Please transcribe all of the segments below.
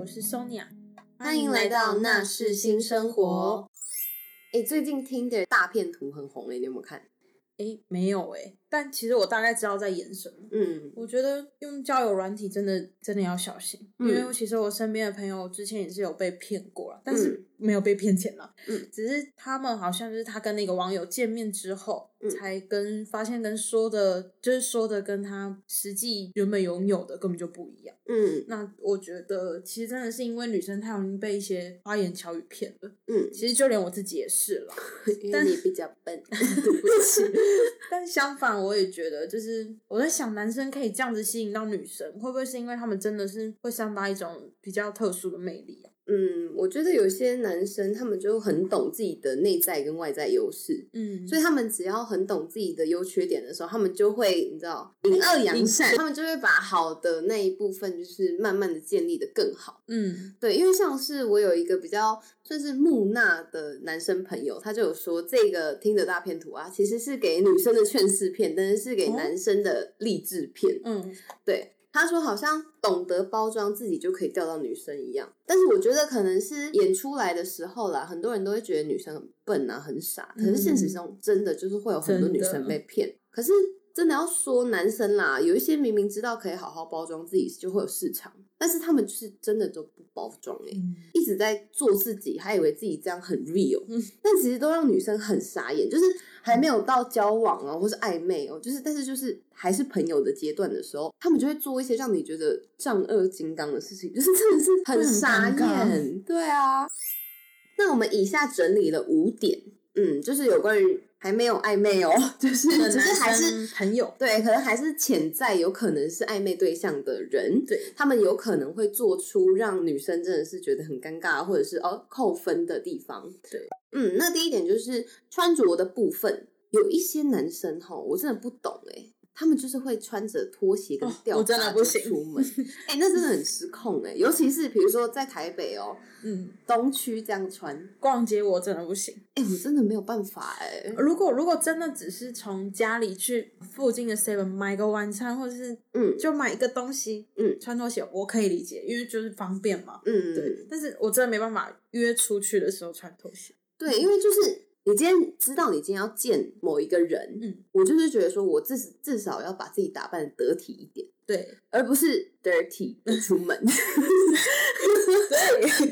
我是 Sonia，歡迎來到娜式新生活。哎，最近聽的大片圖很紅誒，你有沒有看？哎，沒有但其實我大概知道在演什麼。嗯，我覺得用交友軟體真的真的要小心、嗯，因為其實我身邊的朋友之前也是有被騙過了、嗯，但是沒有被騙錢了。嗯，只是他們好像就是他跟那個網友見面之後，嗯、才跟發現跟說的，就是說的跟他實際原本擁有的根本就不一樣。嗯，那我覺得其實真的是因為女生太容易被一些花言巧語騙了。嗯，其實就連我自己也是了，但你比較笨， 對不起。 但相反。我也覺得，就是我在想，男生可以這樣子吸引到女生，會不會是因為他們真的是會散發一種比較特殊的魅力啊？嗯，我覺得有些男生他們就很懂自己的內在跟外在優勢，嗯，所以他們只要很懂自己的優缺點的時候，他們就會你知道，隱惡揚善，他們就會把好的那一部分就是慢慢的建立得更好，嗯，對，因為像是我有一個比較算是木訥的男生朋友，嗯、他就有說這個聽的大片圖啊，其實是給女生的勸世片，但是是給男生的勵志片、哦，嗯，對。他說：“好像懂得包裝自己就可以釣到女生一樣，但是我覺得可能是演出來的時候啦，很多人都會覺得女生很笨啊，很傻。可是現實中真的就是會有很多女生被騙，可是。”真的要說男生啦，有一些明明知道可以好好包裝自己就會有市場，但是他們就是真的都不包裝哎、欸嗯，一直在做自己，還以為自己這樣很 real，、嗯、但其實都讓女生很傻眼。就是還沒有到交往啊、喔，或是曖昧哦、喔，就是但是就是還是朋友的階段的時候，他們就會做一些讓你覺得丈二金剛的事情，就是真的是很傻眼。嗯、對啊，那我們以下整理了五點，嗯，就是有關於。還沒有曖昧哦、喔，就是只、就是還是朋友對，可能還是潛在有可能是曖昧對象的人，對，他們有可能會做出讓女生真的是覺得很尷尬或者是哦扣分的地方，對，嗯，那第一點就是穿着的部分，有一些男生吼，我真的不懂哎、欸。他們就是會穿着拖鞋跟吊帶出門，哎、哦我真的不行。 欸，那真的很失控哎、欸！尤其是比如說在台北哦、喔，嗯，東區這樣穿逛街，我真的不行。哎、欸，我真的沒有辦法哎、欸。如果如果真的只是從家裡去附近的 Seven 買個晚餐，或者是嗯，就買一個東西，嗯，穿拖鞋我可以理解，因為就是方便嘛，嗯嗯。對，但是我真的沒辦法約出去的時候穿拖鞋。對，因為就是。你今天知道你今天要見某一個人，嗯，我就是覺得說，我至至少要把自己打扮得得體一點，對，而不是 dirty 不出門。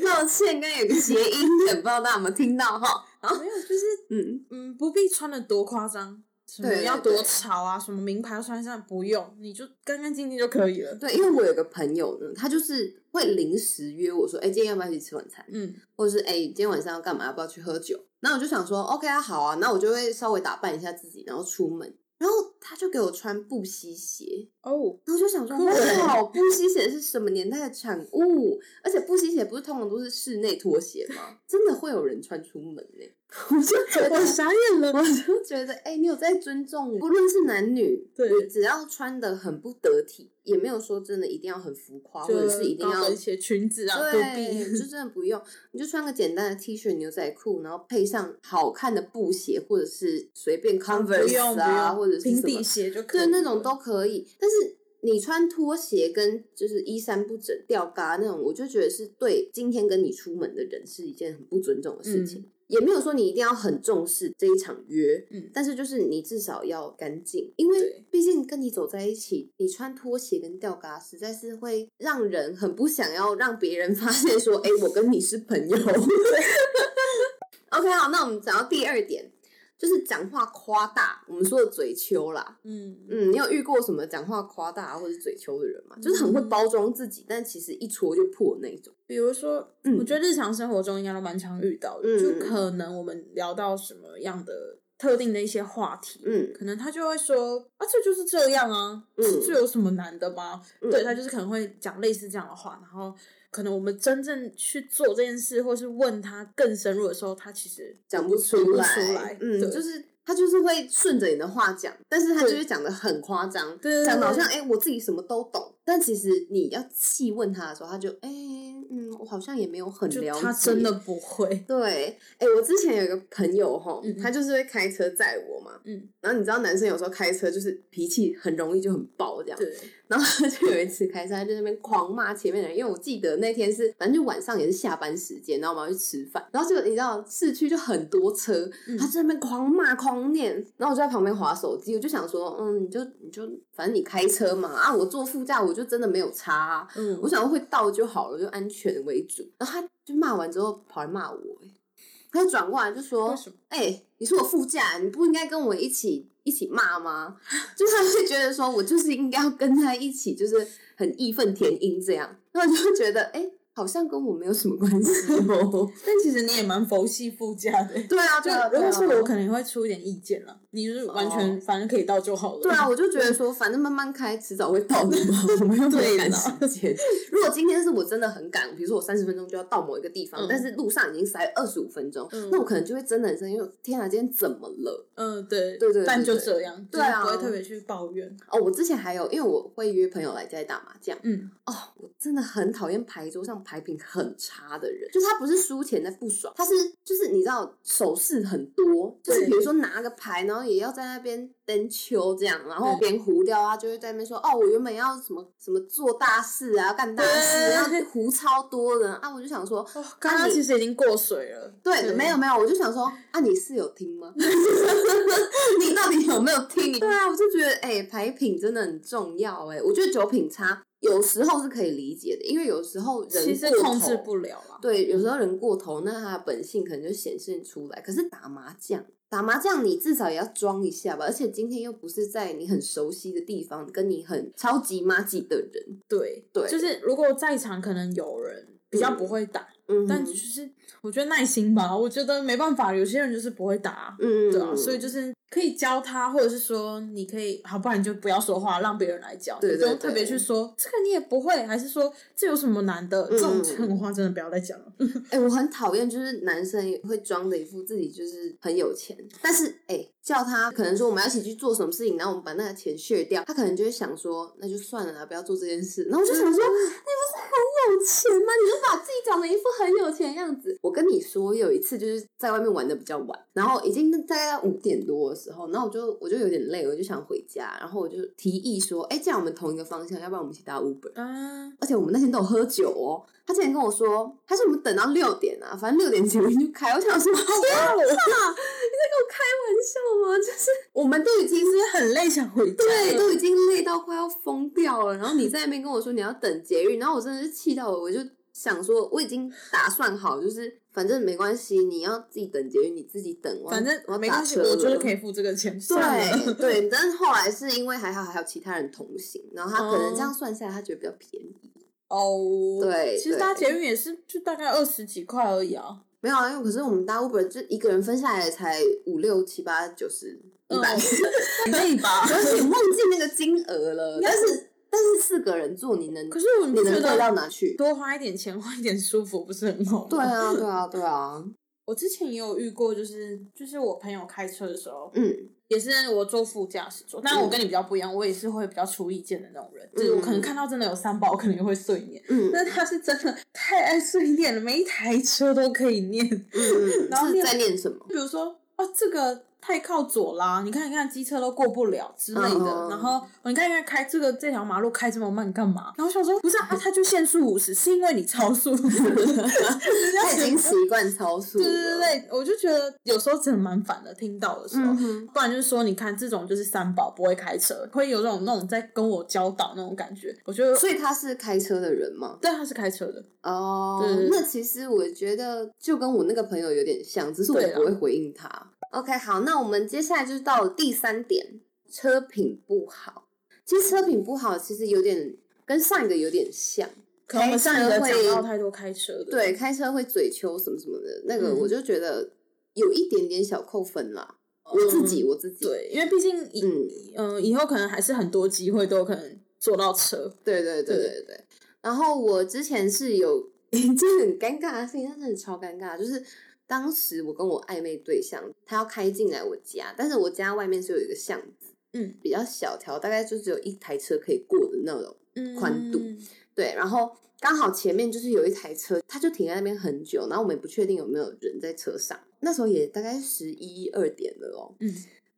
抱 歉，剛有個諧音點，不知道大家有沒有聽到哈？然後沒有，就是嗯嗯，不必穿得多誇張，什麼要多潮啊，對對對，什麼名牌要穿上，不用，你就乾干淨淨就可以了。對，因為我有個朋友呢，嗯，他就是。會臨時約我說，哎，今天要不要一起吃晚餐？嗯，或者是哎，今天晚上要幹嘛？要不要去喝酒？那我就想說，OK 啊，好啊，那我就會稍微打扮一下自己，然後出門。然後他就給我穿布希鞋哦，那我就想說，哇，布希鞋是什麼年代的產物？而且布希鞋不是通常都是室內拖鞋嗎？真的會有人穿出門呢、欸？我就覺得我傻眼了，我就覺得，哎、欸，你有在尊重，不論是男女，對，只要穿得很不得體。也沒有說真的一定要很浮誇，或者是一定要高跟鞋裙子啊，對，都，就真的不用， 你就穿個簡單的 T 恤、牛仔褲，然後配上好看的布鞋，或者是隨便 Converse 匡威，啊用用，或者是平底鞋就可以，對，那種都可以。但是你穿拖鞋跟就是衣衫不整、吊嘎那種，我就覺得是對今天跟你出門的人是一件很不尊重的事情。嗯也沒有說你一定要很重視這一場約，嗯，但是就是你至少要乾淨，因為畢竟跟你走在一起，你穿拖鞋跟吊嘎實在是會讓人很不想要讓別人發現說，哎、 欸，我跟你是朋友。 OK，好，那我們講到第二點。就是講話誇大，我們說的嘴秋啦，嗯嗯，你有遇過什麼講話誇大或者嘴秋的人嗎、嗯？就是很會包裝自己，但其實一戳就破那種。比如說、嗯，我覺得日常生活中應該都蠻常遇到的、嗯，就可能我們聊到什麼樣的。特定的一些話題，嗯，可能他就會說啊，這就是這樣啊，這、嗯、有什麼難的嗎？嗯、對，他就是可能會講類似這樣的話，然後可能我們真正去做這件事，或是問他更深入的時候，他其實講不、不出來，嗯，就是他就是會順着你的話講，但是他就是講的很誇張，講的好像哎、欸，我自己什麼都懂，但其實你要細問他的時候，他就哎。欸嗯，我好像也沒有很了解，他真的不會。對，哎、欸，我之前有一個朋友哈、嗯，他就是會開車載我嘛。嗯。然後你知道，男生有時候開車就是脾氣很容易就很爆這樣。對。然後他就有一次開車，他就在那邊狂罵前面的人，因為我記得那天是反正就晚上也是下班時間，然後我們要去吃飯，然後就你知道市區就很多車，他在那邊狂罵狂念，然後我就在旁邊滑手機，我就想說，嗯，你就你就反正你開車嘛，啊，我坐副駕我就真的沒有差、啊。嗯。我想說會到就好了，就安靜，全為主，然後他就罵完之後，跑來罵我，他就轉過來就說：“哎、欸，你是我副駕，你不應該跟我一起一起罵嗎？”就是他是覺得說我就是應該要跟他一起，就是很義憤填膺這樣。那我就覺得，哎、欸。好像跟我沒有什麼關係。喔， 但其實你也蠻佛系副駕的、欸。對啊對，啊對。啊對啊，如果是我，可能會出一點意見了。你就是完全反正可以到就好了。哦、對啊，我就覺得說，反正慢慢開，遲早會到的嘛， 我 如果今天是我真的很趕，比如說我三十分鐘就要到某一個地方，嗯、但是路上已經塞二十五分鐘，嗯、那我可能就會真的很生氣，因為天哪，今天怎麼了？嗯，對，對對對、對，就這樣。對啊，我、就是、不會特別去抱怨。哦，我之前還有，因為我會約朋友來家裡打麻將。嗯，哦，我真的很討厭牌桌上。牌品很差的人，就是他不是輸錢的不爽，他是就是你知道手勢很多，就是比如說拿個牌，然後也要在那邊蹬秋這樣，然後邊胡掉啊，就會在那邊說哦，我原本要什麼什麼做大事啊，幹大事，要胡超多人啊，我就想說，剛、啊、剛其實已經過水了，啊、對，對，沒有沒有，我就想說啊，你是有聽嗎？ 你到底有沒有聽？對啊，我就覺得哎，牌、欸、品真的很重要哎、欸，我覺得酒品差。有時候是可以理解的，因為有時候人其實控制不了、啊。對，有時候人過頭，嗯、那他的本性可能就顯現出來。可是打麻將，打麻將你至少也要裝一下吧。而且今天又不是在你很熟悉的地方，跟你很超級麻吉的人。對對，就是如果在場可能有人比較不會打，嗯嗯、但就是。我覺得耐心吧，我覺得沒辦法，有些人就是不會打、啊，嗯，對啊，所以就是可以教他，或者是說你可以，好，不然你就不要說話，讓別人來教，對，對,對，就特別去說對對對這個你也不會，還是說這有什麼難的？這種話、嗯、真的不要再講了。哎、欸，我很討厭就是男生會裝的一副自己就是很有錢，但是哎、欸、叫他可能說我們要一起去做什麼事情，然後我們把那個錢卸掉，他可能就會想說那就算了啦，不要做這件事。然後我就想說你、嗯、不是很有錢嗎？你就把自己裝的一副很有錢的樣子。我跟你說，有一次就是在外面玩的比較晚，然後已經大概五點多的時候，然後我就我就有點累，我就想回家，然後我就提議說，哎、欸，這樣我們同一個方向，要不然我們一起搭 Uber。嗯、啊。而且我們那天都有喝酒哦。他之前跟我說，他說我們等到六點啊，反正六點前面就開。我想說，真 的天、啊？ 你在跟我開玩笑嗎？就是我們都已經是很累，想回家，對，都已經累到快要瘋掉了。然後你在那邊跟我說你要等捷運，然後我真的是氣到我，我就。想說我已經打算好，就是反正沒關係，你要自己等捷運，你自己等。我反正我沒關係，我覺得可以付這個錢。對對，但是後來是因為還好還有其他人同行，然後他可能這樣算下來，他覺得比較便宜。哦，對，其實他捷運也是就大概二十幾塊而已啊。沒有啊，因為可是我們搭 Uber 就一個人分下來才五六七八九十一百，嗯、 可以吧？就是你忘記那個金額了，但是。四個人坐，你能？可是你覺得到哪去，多花一點錢，換一點舒服，不是很好？對啊，對啊，對啊。我之前也有遇過，就是就是我朋友開車的時候，嗯，也是我坐副駕駛座。但我跟你比較不一樣，我也是會比較出意見的那種人、嗯，就是我可能看到真的有三寶，我可能會碎念。嗯，但是他是真的太愛碎念了，每一台車都可以念、嗯。然後你在念什麼？比如說，啊，這個。太靠左啦！你看，你看，機車都過不了之類的。Uh -huh. 然後，你看，你看，開這個這條馬路開這麼慢幹嘛？然後我想說，不是，啊，他就限速五十，是因為你超速。他已經習慣超速。對對對，我就覺得有時候真的蠻煩的。聽到的時候，uh -huh. 不然就是說，你看這種就是三寶不會開車，會有這種那種在跟我教導那種感覺。我覺得。所以他是開車的人嗎？對，他是開車的。哦、oh, 就是，那其實我覺得就跟我那個朋友有點像，只是我不會回應他。啊、OK，好，那。那我們接下來就是到第三點，車品不好。其實車品不好，其實有點跟上一個有點像，可能上一個講到太多開車的，對，開車會嘴秋什麼什麼的、嗯，那個我就覺得有一點點小扣分啦、嗯。我自己，我自己，對，因為畢竟以，嗯嗯，以後可能還是很多機會都可能坐到車，對對對對對。對對對對，然後我之前是有一件很尷尬的事情，真的很超尷尬的，就是。當時我跟我曖昧對象，他要開進來我家，但是我家外面是有一個巷子，嗯，比較小條，大概就只有一台車可以過的那種寬度、嗯，對。然後剛好前面就是有一台車，他就停在那邊很久，然後我們也不確定有沒有人在車上。那時候也大概十一二點了哦、喔，嗯。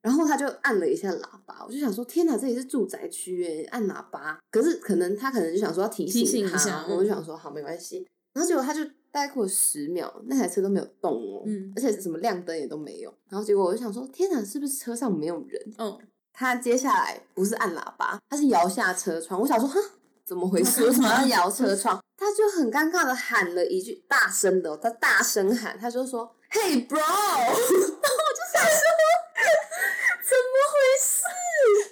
然後他就按了一下喇叭，我就想說，天哪，這裡是住宅區誒，按喇叭。可是可能他可能就想說要提醒他，提醒一下，我就想說、嗯、好，沒關係。然後結果他就。大概過了十秒，那台車都沒有動哦，嗯、而且什麼亮燈也都沒有。然後結果我就想說，天哪，是不是車上沒有人？嗯，他接下來不是按喇叭，他是搖下車窗。我想說，哼，怎麼回事？為什麼要搖車窗？ 他就很尷尬的喊了一句，大聲的、哦，他大聲喊，他就說 ，Hey bro， 然後我就想說，怎麼回事？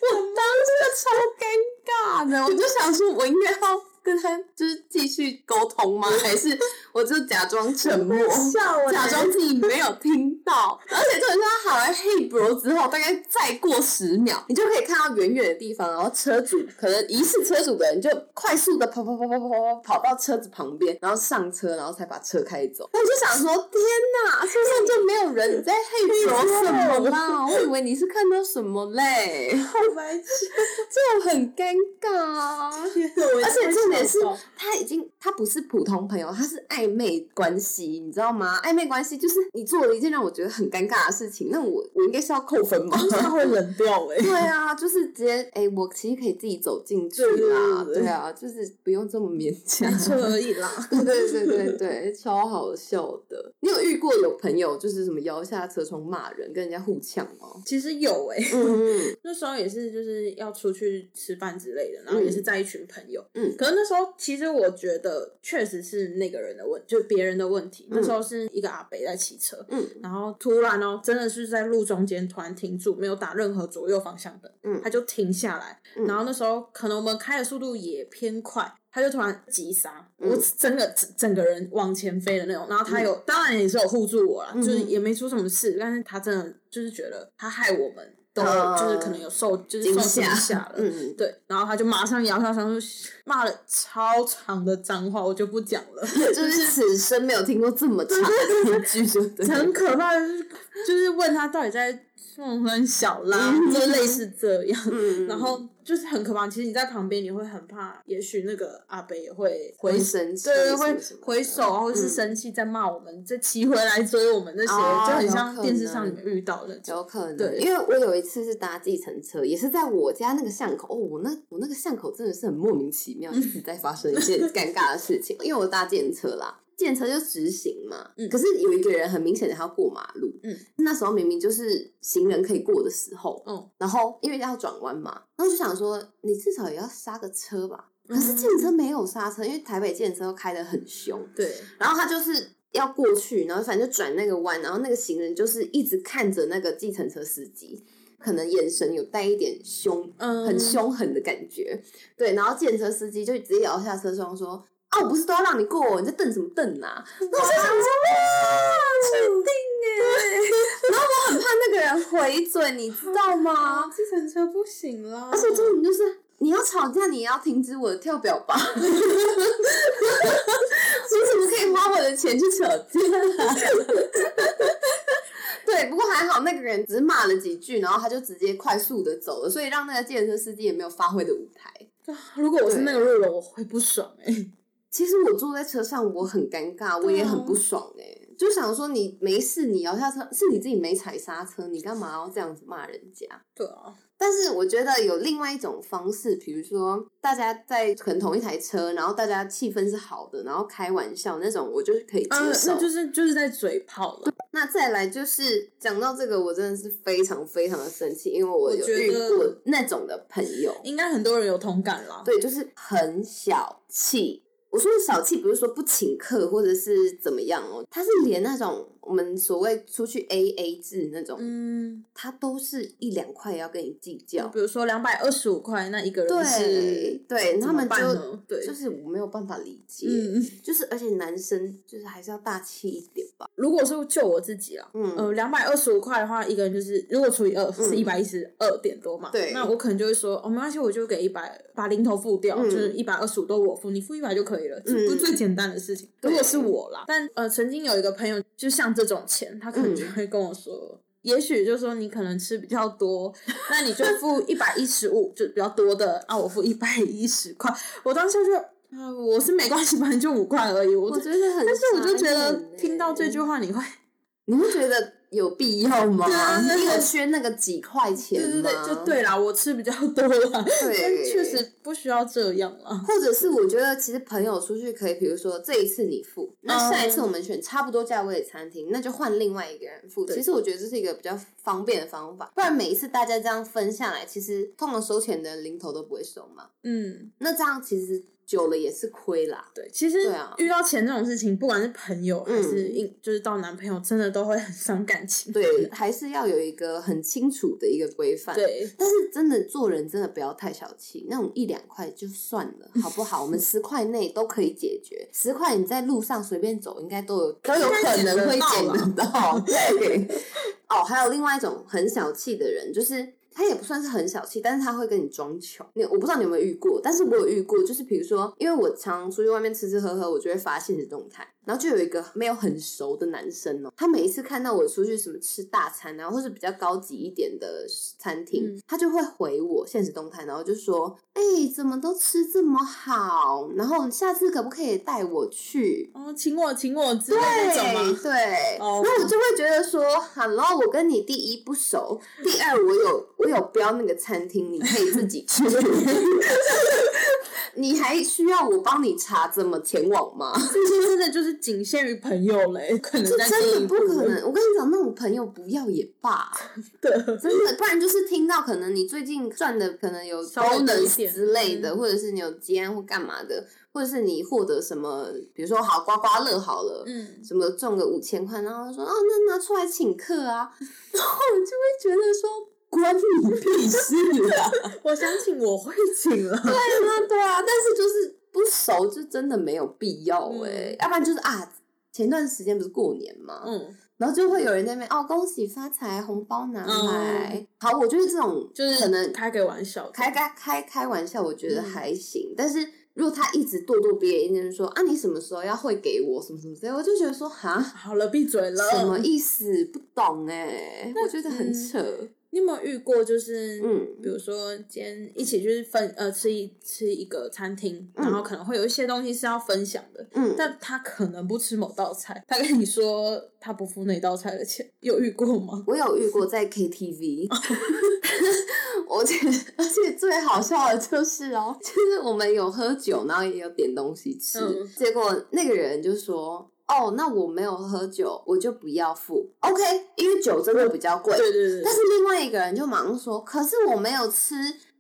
我當時就超尷尬的，我就想說我應該要。跟他就是繼續溝通嗎？還是我就假裝沉默， 假裝自己沒有聽到？ 然而且，等他喊了 hey bro 之後，大概再過十秒，你就可以看到遠遠的地方，然後車主可能疑似車主的人就快速的跑跑跑跑跑跑，跑，跑到車子旁邊，然後上車，然後才把車開走。我就想說，天哪，車上就沒有人，你在 hey bro 什麼？我以為你是看到什麼嘞，好白痴，這種很尷尬啊！ 而且這。也是，他已經他不是普通朋友，他是曖昧關係，你知道嗎？曖昧關係就是你做了一件讓我覺得很尷尬的事情，那我我應該是要扣分吧、哦？他會冷掉哎、欸。對啊，就是直接哎、欸，我其實可以自己走進去啦對對對。對啊，就是不用這麼勉強就可以啦，對 對對對，超好笑的。你有遇過有朋友就是什麼搖下車窗罵人，跟人家互嗆嗎？其實有哎、欸，嗯嗯， 那時候也是就是要出去吃飯之類的，然後也是在一群朋友，嗯，嗯，可能。那時候其實我覺得確實是那個人的問，就別人的問題、嗯。那時候是一個阿伯在騎車，嗯，然後突然哦、喔，真的是在路中間突然停住，沒有打任何左右方向燈，嗯，他就停下來，嗯、然後那時候可能我們開的速度也偏快，他就突然急剎、嗯，我真的整、整個人往前飛的那種。然後他有，嗯、當然也是有護住我了、嗯，就是也沒出什麼事，但是他真的就是覺得他害我們。都就是可能有受、呃、就是受驚嚇、就是、了、嗯，對，然後他就馬上搖下窗罵了超長的髒話，我就不講了，就是、 就是此生沒有聽過這麼長的一句。就很可怕的是，就是問他到底在做什、嗯、小浪、嗯，就是、類似這樣，嗯、然後。就是很可怕，其實你在旁邊你會很怕，也許那個阿北也會回生氣，對對，會回首或者是生氣，在罵我們，嗯、在騎回來追我們那些，哦、就很像電視上你們遇到的。有可能，對，因為我有一次是搭計程車，也是在我家那個巷口。哦，我那我那個巷口真的是很莫名其妙，嗯、一直在發生一件尷尬的事情， 因為我搭計程車啦。計程車就直行嘛、嗯，可是有一個人很明顯的他要過馬路、嗯，那時候明明就是行人可以過的時候，嗯、然後因為要轉彎嘛，然後就想說你至少也要剎個車吧，嗯、可是計程車沒有剎車，因為台北計程車都開的很凶，對，然後他就是要過去，然後反正就轉那個彎，然後那個行人就是一直看着那個計程車司機，可能眼神有帶一點凶，嗯，很凶狠的感覺，嗯、對，然後計程車司機就直接搖下車窗說。哦、啊，我不是都要讓你過，你在瞪什麼瞪吶、啊？我真的說，麼說，確定耶！ 然後我很怕那個人回嘴，你知道嗎？計程車不行啦。而且這種就是，你要吵架，你也要停止我的跳表吧？ 你怎麼可以花我的錢去吵架？ 對，不過還好，那個人只罵了幾句，然後他就直接快速的走了，所以讓那個計程車司機也沒有發揮的舞台、啊。如果我是那個路人，我會不爽誒、欸其實我坐在車上，我很尷尬，我也很不爽哎、欸、對啊，就想說你沒事，你搖下車，是你自己沒踩剎車，你幹嘛要這樣子罵人家？對啊，但是我覺得有另外一種方式，比如說大家在可能同一台車，然後大家氣氛是好的，然後開玩笑那種，我就是可以接受。嗯、那就是就是在嘴炮了。那再來就是講到這個，我真的是非常非常的生氣，因為我有遇過那種的朋友，應該很多人有同感啦。對，就是很小氣。我說的小氣不是說不請客或者是怎麼樣哦、喔，他是連那種。我們所謂出去 AA 制那種，嗯，他都是一兩塊也要跟你計較，比如說兩百二十五塊，那一個人是，對，他們就對，就是我沒有辦法理解，嗯，就是而且男生就是還是要大氣一點吧。如果說就我自己啊，嗯，2兩百二十五塊的話，一個人就是如果除以二是一百一十二點多嘛，對，那我可能就會說哦，沒關係，我就給一百，把零頭付掉，嗯、就是一百二十五都我付，你付一百就可以了，是、嗯、最簡單的事情。如果是我啦，但呃，曾經有一個朋友，就像。這種錢，他可能就會跟我說，嗯、也許就是說你可能吃比較多，那你就付一百一十五，就比較多的，啊，我付一百一十塊，我當時就，啊、呃，我是沒關係，本來就五塊而已，我真的很，但是我就覺得聽到這句話，你會，你會覺得。有必要嗎？真 的缺那個幾塊錢嗎？ 對對對，就對啦。我吃比較多啦，對但確實不需要這樣啦。或者是我覺得，其實朋友出去可以，比如說這一次你付，嗯，那下一次我們選差不多價位的餐廳，那就換另外一個人付。其實我覺得這是一個比較方便的方法，不然每一次大家這樣分下來，其實通常收錢的零頭都不會收嘛。嗯，那這樣其實。久了也是虧啦。對，其實遇到錢這種事情，對啊、不管是朋友還是，就是到男朋友，嗯、真的都會很傷感情。對， 還是要有一個很清楚的一個規範。對，但是真的做人真的不要太小氣，那種一兩塊就算了，好不好？ 我們十塊內都可以解決。十塊你在路上隨便走，應該都有都有可能會撿得到。 對，哦，還有另外一種很小氣的人，就是。他也不算是很小氣，但是他會跟你裝窮。你，我不知道你有沒有遇過，但是我有遇過，就是比如說，因為我常常出去外面吃吃喝喝，我就會發限時動態。然後就有一個沒有很熟的男生哦、喔，他每一次看到我出去什麼吃大餐啊，或是比較高級一點的餐廳、嗯，他就會回我限時動態，然後就說：“哎、欸，怎麼都吃這麼好？然後你下次可不可以帶我去？哦，請我請我吃那種嗎？對，對 oh. 然後我就會覺得說：“哈囉，然後我跟你第一不熟，第二我有我有標那個餐廳，你可以自己吃。 ” 你還需要我幫你查怎麼前往嗎？ 就是真的就是僅限於朋友嘞，可能真的不可能。我跟你講，那種朋友不要也罷、啊。對，真的，不然就是聽到可能你最近賺的可能有高能之類的，或者是你有接案或幹嘛的，或者是你獲得什麼，比如說好刮刮樂好了，嗯，什麼中個五千塊，然後說哦、啊，那拿出來請客啊，然後你就會覺得說。關你屁事！ 我想請，我會請了 對、啊。對嗎？對啊，但是就是不熟，就真的沒有必要哎、欸嗯。要不然就是啊，前段時間不是過年嘛，嗯，然後就會有人在那邊、嗯、哦，恭喜發財，紅包拿來。嗯、好，我覺得這種就是可能開個玩笑，開開開開玩笑，我覺得還行、嗯。但是如果他一直咄咄逼人，就是、說啊，你什麼時候要會給我什麼什麼之類，我就覺得說啊，好了，閉嘴了，什麼意思？不懂哎、欸，我覺得很扯。嗯你有沒有遇過，就是，嗯，比如說今天一起去分，呃，吃一吃一個餐廳、嗯，然後可能會有一些東西是要分享的，嗯，但他可能不吃某道菜，他跟你說他不付那道菜的錢，有遇過嗎？我有遇過在 KTV，我覺得，而且最好笑的就是哦、喔，就是我們有喝酒，然後也有點東西吃，嗯、結果那個人就說。哦，那我沒有喝酒，我就不要付。OK，因為酒真的比較貴。對對對，對。但是另外一個人就忙說，可是我沒有吃。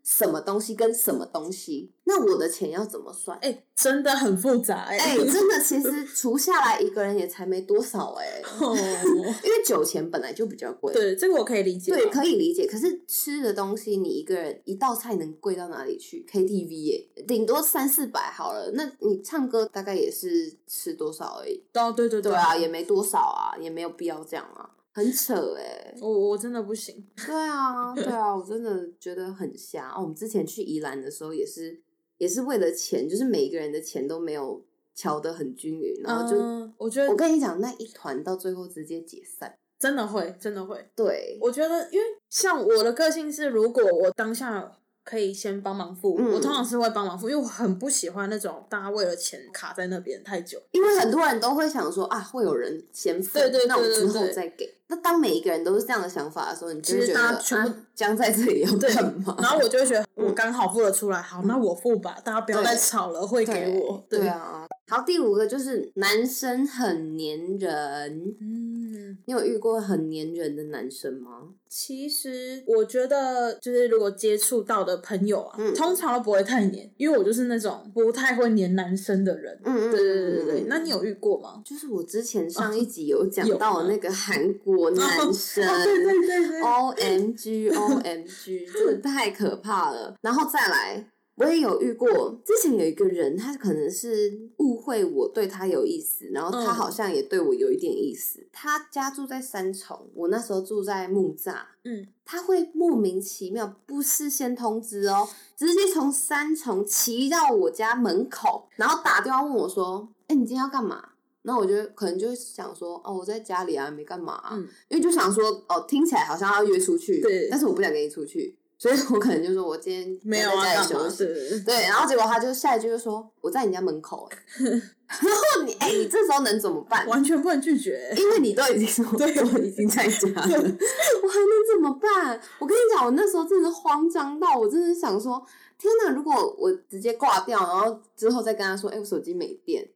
什麼東西跟什麼東西？那我的錢要怎麼算？哎、欸，真的很複雜哎、欸欸。真的，其實 除下來一個人也才沒多少哎、欸。 因為酒錢本來就比較貴。對，這個我可以理解。對，可以理解。可是吃的東西，你一個人一道菜能貴到哪裡去？KTV 欸、頂多三四百好了。那你唱歌大概也是吃多少而已？哦，對，對對對。對啊，也沒多少啊，也沒有必要這樣啊。很扯欸。我我真的不行。對啊，對啊，我真的覺得很瞎。哦，我們之前去宜蘭的時候也是，也是為了錢，就是每個人的錢都沒有敲得很均勻，嗯，然後就，我覺得我跟你講，那一團到最後直接解散，真的會，真的會。對，我覺得因為像我的個性是，如果我當下。可以先幫忙付、嗯，我通常是會幫忙付，因為我很不喜歡那種大家為了錢卡在那邊太久。因為很多人都會想說、嗯、啊，會有人先付，對對對對，那我之後再給對對對對。那當每一個人都是這樣的想法的時候，你就覺得其實大家全部僵、啊、在這裡也很麻煩。然後我就會覺得我剛好付得出來、嗯，好，那我付吧、嗯，大家不要再吵了，會給我對對。對啊，好，第五個就是男生很黏人。嗯嗯，你有遇過很黏人的男生嗎？其實我覺得，就是如果接觸到的朋友啊，嗯，通常都不會太黏，因為我就是那種不太會黏男生的人。嗯對對對對，對對對對。那你有遇過嗎？就是我之前上一集有講到那個韓國男生、啊哦、對對對對，O M G O M G，真 的太可怕了。然後再來。我也有遇過，之前有一個人，他可能是誤會我對他有意思，然後他好像也對我有一點意思。嗯、他家住在三重，我那時候住在木柵，嗯，他會莫名其妙不事先通知哦，直接從三重騎到我家門口，然後打電話問我說：“哎、欸，你今天要幹嘛？”那我就可能就想說：“哦，我在家裡啊，沒幹嘛、啊。”嗯，因為就想說：“哦，聽起來好像要約出去，對，但是我不想跟你出去。”所以我可能就說，我今天在沒有啊，休息。對，然後結果他就下一句就說，我在你家門口、欸呵呵，然後你哎、欸，你這時候能怎麼辦？完全不能拒絕，因為你都已經說，對我已經在家了，我還能怎麼辦？我跟你講，我那時候真的慌張到，我真的想說，天哪！如果我直接掛掉，然後之後再跟他說，哎、欸，我手機沒電。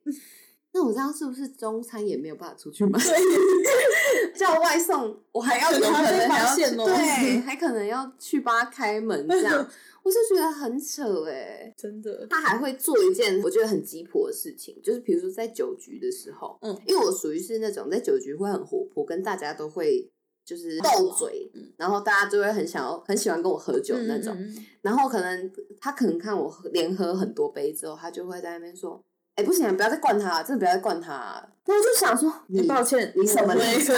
那我這樣是不是中餐也沒有辦法出去買？對 叫外送，我還要有可能還要對，還可能要去幫他開門這樣，我就覺得很扯誒、欸、真的。他還會做一件我覺得很雞婆的事情，就是比如說在酒局的時候，嗯，因為我屬於是那種在酒局會很活潑，跟大家都會就是鬥嘴、嗯，然後大家就會很想要很喜歡跟我喝酒那種嗯嗯，然後可能他可能看我連喝很多杯之後，他就會在那邊說。哎、欸，不行、啊，不要再灌他、啊，真的不要再灌他、啊。那我就想說，你欸、抱歉，你什麼立場？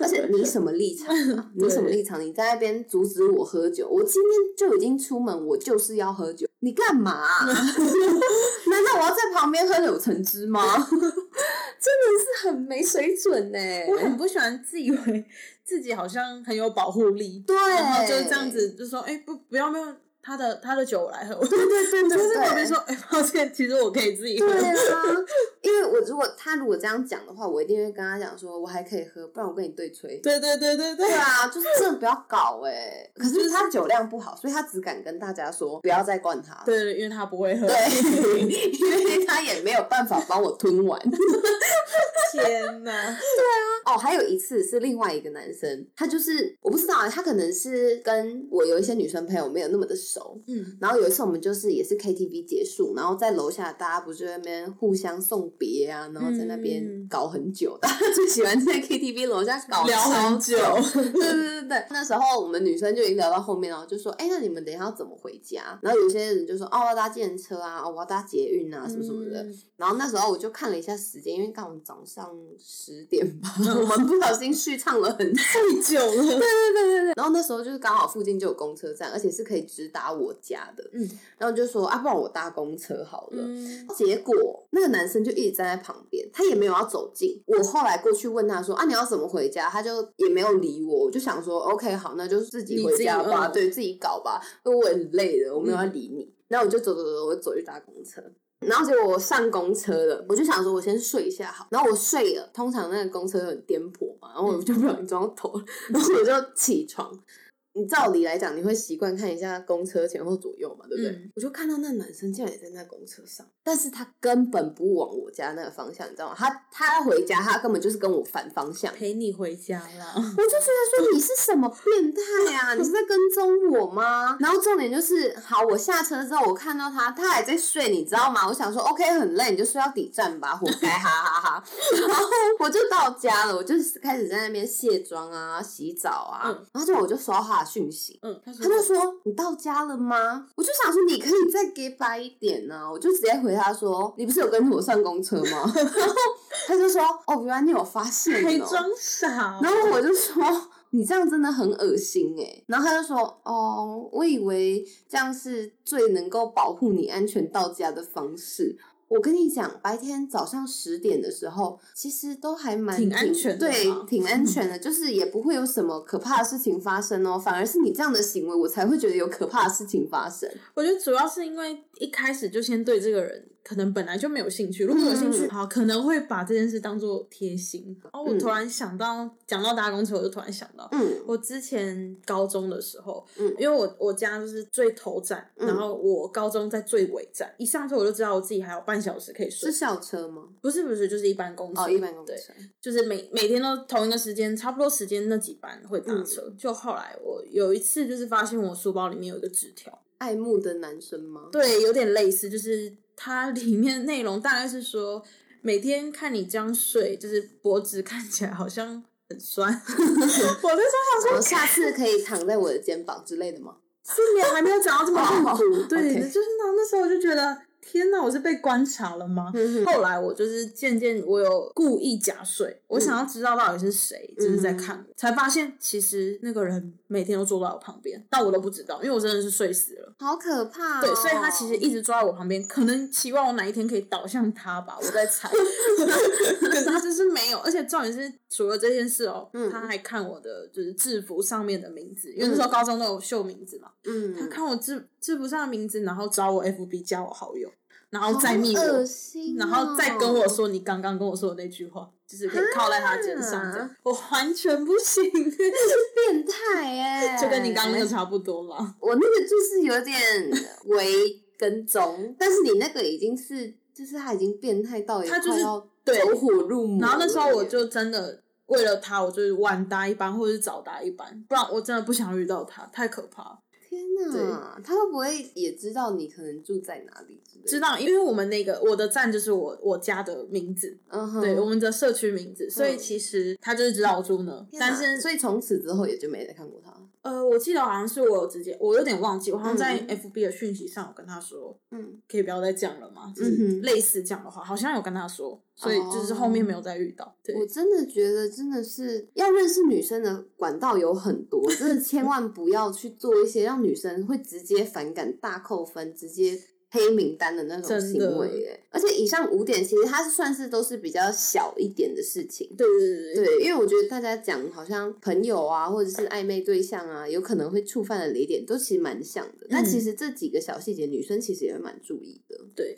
而且你什麼立場、啊？你什麼立場？你在那邊阻止我喝酒，我今天就已經出門，我就是要喝酒。你幹嘛、啊？ 難道我要在旁邊喝柳橙汁嗎？ 真的是很沒水準哎、欸！我很不喜歡自以為自己好像很有保護力，對，然後就這樣子就說，哎、欸，不，不要，不要。他的他的酒我來喝， 對對對對對。對。對。對。對。說，對，對，對，對、欸。抱歉，其實我可以自己喝。對對、啊。因為我如果他如果這樣講的話，我一定會跟他講，說我還可以喝，不然我跟你對吹。對對對對對，對。對啊，就是真的不要搞哎、欸！ 可是他酒量不好，所以他只敢跟大家說不要再灌他。對，對，對，因為他不會喝，對， 因為他也沒有辦法幫我吞完。天對、哪。對對、啊哦，還有一次是另外一個男生，他就是我不知道啊，他可能是跟我有一些女生朋友沒有那麼的熟，嗯，然後有一次我們就是也是 K T V 結束，然後在樓下大家不是在那邊互相送別啊，然後在那邊搞很久的，的、嗯嗯、最喜歡在 K T V 樓下搞聊很久，對對對對，對對對 那時候我們女生就已經聊到後面了，就說哎，那你們等一下要怎麼回家？然後有些人就說哦，我要搭計程車啊、哦，我要搭捷運啊什麼什麼的、嗯，然後那時候我就看了一下時間，因為剛好早上十點吧。 我們不小心續唱了很太久了， 對，對對對對，然後那時候就是剛好附近就有公車站，而且是可以直達我家的。嗯，然後就說啊，不然我搭公車好了。結果那個男生就一直站在旁邊，他也沒有要走近。我後來過去問他說啊，你要怎麼回家？他就也沒有理我。我就想說，OK，好，那就自己回家吧，對自己搞吧，因為我也累了，我沒有要理你。然後我就走走走，走，我走，走去搭公車。然後結果我上公車了，我就想說，我先睡一下好。然後我睡了，通常那個公車很顛簸嘛，然後我就不小心撞到頭， 然後我就起床。你照理來講，你會習慣看一下公車前後左右嘛，對不對、嗯？我就看到那男生竟然也在那公車上，但是他根本不往我家那個方向，你知道嗎？他他要回家，他根本就是跟我反方向。陪你回家了，我就覺得說、嗯、你是什麼變態啊，嗯、你是在跟蹤我嗎？然後重點就是，好，我下車之後，我看到他，他還在睡，你知道嗎？我想說，OK，很累你就睡，到底站吧，活該， 哈、哈哈哈。然後我就到家了，我就開始在那邊卸妝啊、洗澡啊，嗯、然後就我就說話。訊息，嗯，他，說他就說，你到家了嗎？我就想說，你可以再 give back 一點呢、啊，我就直接回他說，你不是有跟我上公車嗎？ 然後他就說哦，原來你有發現，還裝傻、啊。然後我就說，你這樣真的很噁心誒、欸、然後他就說哦，我以為這樣是最能夠保護你安全到家的方式。我跟你講，白天早上十點的時候，其實都還蠻安全的，對，挺安全的，嗯，就是也不會有什麼可怕的事情發生哦。反而是你這樣的行為，我才會覺得有可怕的事情發生。我覺得主要是因為一開始就先對這個人。可能本來就沒有興趣。如果有興趣，嗯、好，可能會把這件事當做貼心。哦，我突然想到，講、嗯、到搭公車，我就突然想到，嗯，我之前高中的時候，嗯，因為我我家就是最頭站，然後我高中在最尾站，嗯、一上車我就知道我自己還有半小時可以睡。是校車嗎？不是，不是，就是一般公車。哦，一般公車。對，就是每每天都同一個時間，差不多時間那幾班會搭車、嗯。就後來我有一次就是發現我書包裡面有一個紙條，愛慕的男生嗎？對，有點類似，就是。它裡面內容大概是說，每天看你這樣睡，就是脖子看起來好像很酸。 我那時候想說，下次可以躺在我的肩膀之類的嗎？睡眠還沒有講到這麼好。 對，oh, okay. 就是那那時候我就覺得。天吶，我是被觀察了嗎？ 後來我就是漸漸，我有故意假睡、嗯，我想要知道到底是誰就、嗯、是在看我、嗯，才發現其實那個人每天都坐在我旁邊，但我都不知道，因為我真的是睡死了，好可怕、哦。對，所以他其實一直坐在我旁邊，可能期望我哪一天可以倒向他吧，我在猜。 可是他就是沒有，而且重點是除了這件事哦，嗯、他還看我的就是制服上面的名字、嗯，因為那時候高中都有秀名字嘛，嗯，他看我制。記不上名字，然後找我 FB 加我好友，然後再密我，哦哦、然後再跟我說，你剛剛跟我說的那句話，就是可以靠在他肩上這樣、啊，我完全不行，是變態哎、欸，就跟你剛剛那個差不多嘛、欸。我那個就是有點微跟蹤， 但是你那個已經是，就是他已經變態到他就是走火入魔。然後那時候我就真的為了他，我就是晚搭一班或者是早搭一班，不然我真的不想遇到他，太可怕了。天吶，他會不會也知道你可能住在哪裡？知道，因為我們那個我的站就是我我家的名字，uh -huh. 對，我們的社區名字，uh -huh. 所以其實他就是知道我住哪。但是，所以從此之後也就沒再看過他。呃，我記得好像是我有直接，我有點忘記，我好像在 FB 的訊息上，我跟他說，嗯，可以不要再講了嗎？嗯哼，就是、類似這樣的話，好像有跟他說，所以就是後面沒有再遇到。哦、對，我真的覺得真的是要認識女生的管道有很多，就 是千萬不要去做一些讓女生會直接反感、大扣分、直接。黑名單的那種行為、欸，而且以上五點其實它算是都是比較小一點的事情，對對對，對，對，因為我覺得大家講好像朋友啊，或者是曖昧對象啊，有可能會觸犯的雷點都其實蠻像的。但其實這幾個小細節，女生其實也蠻注意的，嗯，對。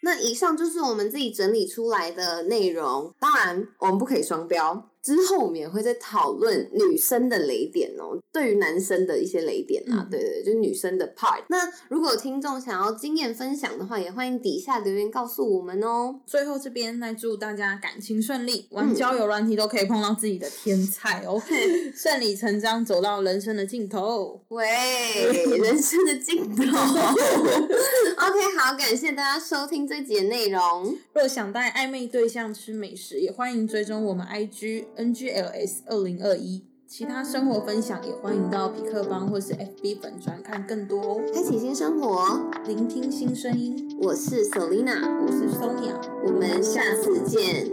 那以上就是我們自己整理出來的內容，當然我們不可以雙標。之後我們也會在討論女生的雷點哦、喔，對於男生的一些雷點啊，嗯、對，對對，就是女生的 part。那如果聽眾想要經驗分享的話，也歡迎底下留言告訴我們哦、喔。最後這邊來祝大家感情順利，玩交友軟體都可以碰到自己的天菜哦、喔。順、嗯、理 成章走到人生的盡頭，喂， 人生的盡頭。 OK，好，感謝大家收聽這集的內容。若想帶曖昧對象吃美食，也歡迎追蹤我們 IG。NGLS 二零二一，其他生活分享也歡迎到痞客邦或是 FB 粉專看更多哦。開啟新生活，聆聽新聲音，我是 Selina，我是 Sonia，我們下次見。